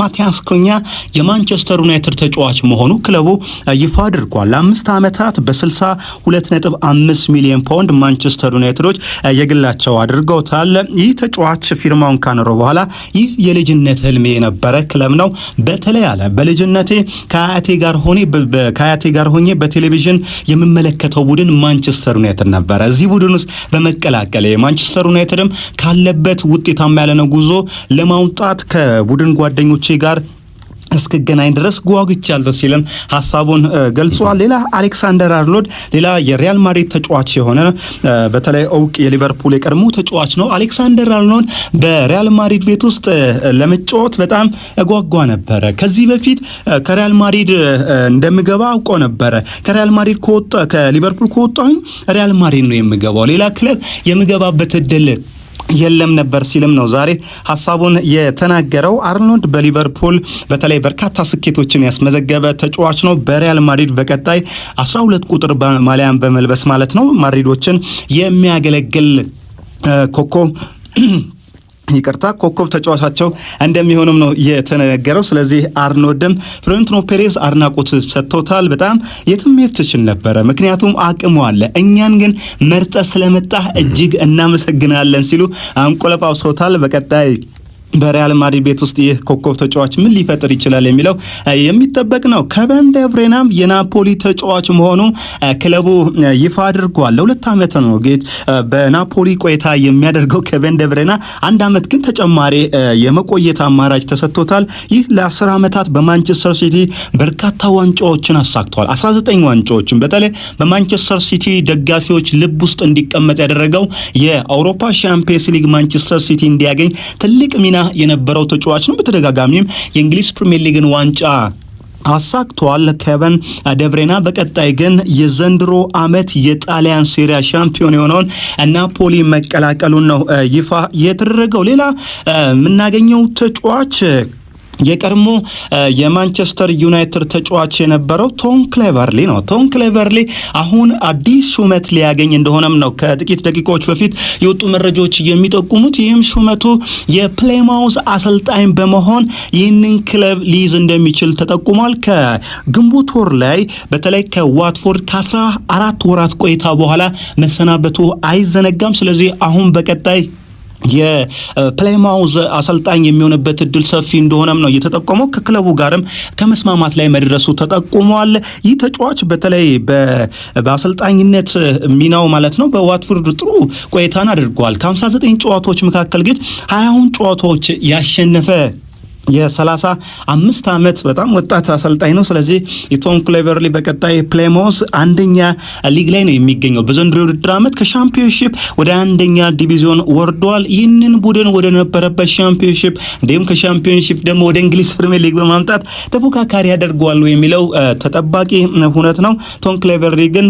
ማቲያስ ኩኛ የማንቸስተር ዩናይትድ ተጫዋች መሆኑ ክለቡ ይፋ አድርጓል። ለአምስት ዓመታት በ62.5 ሚሊዮን ፓውንድ ማንቸስተር ዩናይትዶች የግላቸው አድርገውታል። ይህ ተጫዋች ፊርማውን ካኖረ በኋላ ይህ የልጅነት ህልሜ የነበረ ክለብ ነው። በተለይ አለ በልጅነቴ ከአያቴ ጋር ሆኜ ከአያቴ ጋር ሆኜ በቴሌቪዥን የምመለከተው ቡድን ማንቸስተር ዩናይትድ ነበረ። እዚህ ቡድን ውስጥ በመቀላቀል የማንቸስተር ዩናይትድም ካለበት ውጤታማ ያለነው ጉዞ ለማውጣት ከቡድን ጓደኞች ከቤተሰቦቼ ጋር እስክገናኝ ድረስ ጓጉቻለሁ ሲልም ሀሳቡን ገልጿል። ሌላ አሌክሳንደር አርሎድ ሌላ የሪያል ማድሪድ ተጫዋች የሆነ በተለይ እውቅ የሊቨርፑል የቀድሞ ተጫዋች ነው። አሌክሳንደር አርሎድ በሪያል ማድሪድ ቤት ውስጥ ለመጫወት በጣም እጓጓ ነበረ። ከዚህ በፊት ከሪያል ማድሪድ እንደምገባ አውቆ ነበረ። ከሪያል ማድሪድ ከወጣ ከሊቨርፑል ከወጣሁኝ ሪያል ማድሪድ ነው የምገባው ሌላ ክለብ የምገባበት እድል የለም ነበር ሲልም ነው ዛሬ ሀሳቡን የተናገረው። አርኖልድ በሊቨርፑል በተለይ በርካታ ስኬቶችን ያስመዘገበ ተጫዋች ነው። በሪያል ማድሪድ በቀጣይ 12 ቁጥር ማሊያን በመልበስ ማለት ነው ማድሪዶችን የሚያገለግል ኮኮ ይቅርታ ኮከብ ተጫዋቻቸው እንደሚሆንም ነው የተነገረው። ስለዚህ አርኖልድም ፍሎሬንቲኖ ፔሬዝ አድናቆት ሰጥቶታል። በጣም የትም ትችል ነበረ፣ ምክንያቱም አቅሙ አለ። እኛን ግን መርጠ ስለመጣ እጅግ እናመሰግናለን ሲሉ አንቆለጳ አንቆለጳውሶታል። በቀጣይ በሪያል ማድሪድ ቤት ውስጥ ይህ ኮከብ ተጫዋች ምን ሊፈጥር ይችላል የሚለው የሚጠበቅ ነው። ከቨን ደብሬናም የናፖሊ ተጫዋች መሆኑ ክለቡ ይፋ አድርጓል። ለሁለት ዓመት ነው ጌት በናፖሊ ቆይታ የሚያደርገው ከቨን ደብሬና አንድ ዓመት ግን ተጨማሪ የመቆየት አማራጭ ተሰጥቶታል። ይህ ለአስር ዓመታት በማንቸስተር ሲቲ በርካታ ዋንጫዎችን አሳክቷል። 19 ዋንጫዎችን በተለይ በማንቸስተር ሲቲ ደጋፊዎች ልብ ውስጥ እንዲቀመጥ ያደረገው የአውሮፓ ሻምፒየንስ ሊግ ማንቸስተር ሲቲ እንዲያገኝ ትልቅ ሚና ሚና የነበረው ተጫዋች ነው። በተደጋጋሚም የእንግሊዝ ፕሪሚየር ሊግን ዋንጫ አሳክቷል። ኬቨን ደብሬና በቀጣይ ግን የዘንድሮ አመት የጣሊያን ሴሪያ ሻምፒዮን የሆነውን ናፖሊ መቀላቀሉን ነው ይፋ የተደረገው። ሌላ የምናገኘው ተጫዋች የቀድሞ የማንቸስተር ዩናይትድ ተጫዋች የነበረው ቶም ክሌቨርሊ ነው። ቶም ክሌቨርሊ አሁን አዲስ ሹመት ሊያገኝ እንደሆነም ነው ከጥቂት ደቂቃዎች በፊት የወጡ መረጃዎች የሚጠቁሙት። ይህም ሹመቱ የፕሌማውዝ አሰልጣኝ በመሆን ይህንን ክለብ ሊይዝ እንደሚችል ተጠቁሟል። ከግንቦት ወር ላይ በተለይ ከዋትፎርድ ከአስራ አራት ወራት ቆይታ በኋላ መሰናበቱ አይዘነጋም። ስለዚህ አሁን በቀጣይ የፕላይማውዝ አሰልጣኝ የሚሆንበት እድል ሰፊ እንደሆነም ነው እየተጠቆመው። ከክለቡ ጋርም ከመስማማት ላይ መድረሱ ተጠቁሟል። ይህ ተጫዋች በተለይ በአሰልጣኝነት ሚናው ማለት ነው በዋትፎርድ ጥሩ ቆይታን አድርጓል። ከ59 ጨዋታዎች መካከል ግን ሀያውን ጨዋታዎች ያሸነፈ የሰላሳ አምስት ዓመት በጣም ወጣት አሰልጣኝ ነው። ስለዚህ የቶም ክሌቨርሊ በቀጣይ ፕሌሞስ አንደኛ ሊግ ላይ ነው የሚገኘው። በዘንድሮ ውድድር ዓመት ከሻምፒዮንሺፕ ወደ አንደኛ ዲቪዚዮን ወርዷል። ይህንን ቡድን ወደ ነበረበት ሻምፒዮንሺፕ እንዲሁም ከሻምፒዮንሺፕ ደግሞ ወደ እንግሊዝ ፕሪሚየር ሊግ በማምጣት ተፎካካሪ ያደርገዋሉ የሚለው ተጠባቂ ሁነት ነው። ቶም ክሌቨርሊ ግን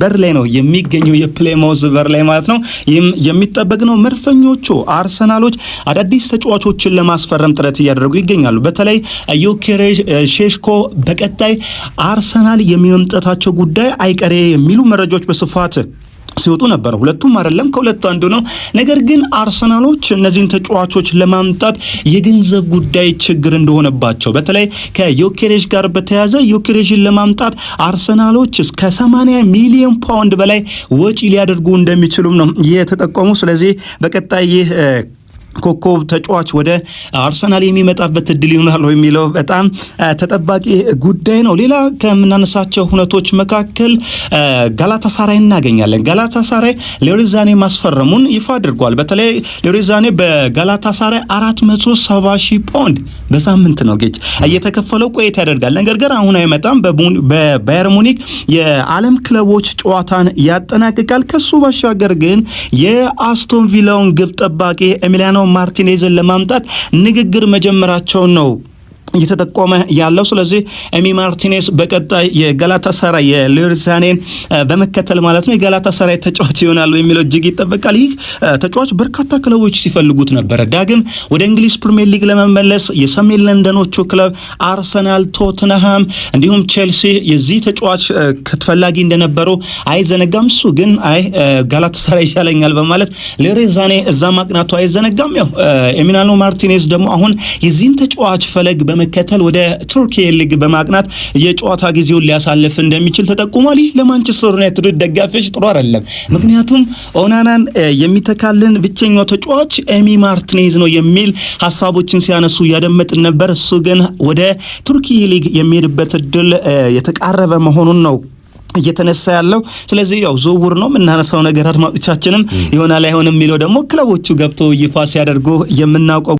በር ላይ ነው የሚገኘው፣ የፕሌሞስ በር ላይ ማለት ነው። ይህም የሚጠበቅ ነው። መድፈኞቹ አርሰናሎች አዳዲስ ተጫዋቾችን ለማስፈረም ጥረት እያደረጉ እያደረጉ ይገኛሉ። በተለይ ዮኬሬሽ ሼሽኮ በቀጣይ አርሰናል የሚመምጠታቸው ጉዳይ አይቀሬ የሚሉ መረጃዎች በስፋት ሲወጡ ነበር። ሁለቱም አይደለም ከሁለቱ አንዱ ነው። ነገር ግን አርሰናሎች እነዚህን ተጫዋቾች ለማምጣት የገንዘብ ጉዳይ ችግር እንደሆነባቸው በተለይ ከዮኬሬሽ ጋር በተያያዘ ዮኬሬሽን ለማምጣት አርሰናሎች እስከ 80 ሚሊዮን ፓውንድ በላይ ወጪ ሊያደርጉ እንደሚችሉም ነው ይህ የተጠቆሙ። ስለዚህ በቀጣይ ይህ ኮከብ ተጫዋች ወደ አርሰናል የሚመጣበት እድል ይሆናል የሚለው በጣም ተጠባቂ ጉዳይ ነው። ሌላ ከምናነሳቸው ሁነቶች መካከል ጋላታሳራይ እናገኛለን። ጋላታሳራይ ሌሪዛኔ ማስፈረሙን ይፋ አድርጓል። በተለይ ሌሪዛኔ በጋላታሳራይ አራት መቶ ሰባ ሺህ ፓውንድ በሳምንት ነው ጌች እየተከፈለው ቆይታ ያደርጋል። ነገር ግን አሁን አይመጣም። በባየር ሙኒክ የዓለም ክለቦች ጨዋታን ያጠናቅቃል። ከሱ ባሻገር ግን የአስቶን ቪላውን ግብ ጠባቂ ኤሚሊያኖ ማርቲኔዝን ለማምጣት ንግግር መጀመራቸውን ነው እየተጠቆመ ያለው ስለዚህ ኤሚ ማርቲኔስ በቀጣይ የጋላታ ሰራይ የሎሪዛኔን በመከተል ማለት ነው የጋላታ ሰራይ ተጫዋች ይሆናሉ የሚለው እጅግ ይጠበቃል። ይህ ተጫዋች በርካታ ክለቦች ሲፈልጉት ነበረ። ዳግም ወደ እንግሊዝ ፕሪምየር ሊግ ለመመለስ የሰሜን ለንደኖቹ ክለብ አርሰናል፣ ቶትንሃም እንዲሁም ቼልሲ የዚህ ተጫዋች ተፈላጊ እንደነበሩ አይዘነጋም። እሱ ግን አይ ጋላታ ሰራይ ይሻለኛል በማለት ሎሪዛኔ እዛ ማቅናቱ አይዘነጋም። ያው ኤሚናኖ ማርቲኔስ ደግሞ አሁን የዚህን ተጫዋች ፈለግ በመከተል ወደ ቱርኪ ሊግ በማቅናት የጨዋታ ጊዜውን ሊያሳልፍ እንደሚችል ተጠቁሟል። ይህ ለማንቸስተር ዩናይትድ ደጋፊዎች ጥሩ አይደለም። ምክንያቱም ኦናናን የሚተካልን ብቸኛው ተጫዋች ኤሚ ማርቲኔዝ ነው የሚል ሀሳቦችን ሲያነሱ እያደመጥን ነበር። እሱ ግን ወደ ቱርኪ ሊግ የሚሄድበት እድል የተቃረበ መሆኑን ነው እየተነሳ ያለው ስለዚህ ያው ዝውውር ነው የምናነሳው ነገር አድማጮቻችንም ይሆናል አይሆንም የሚለው ደግሞ ክለቦቹ ገብቶ ይፋ ሲያደርጉ የምናውቀው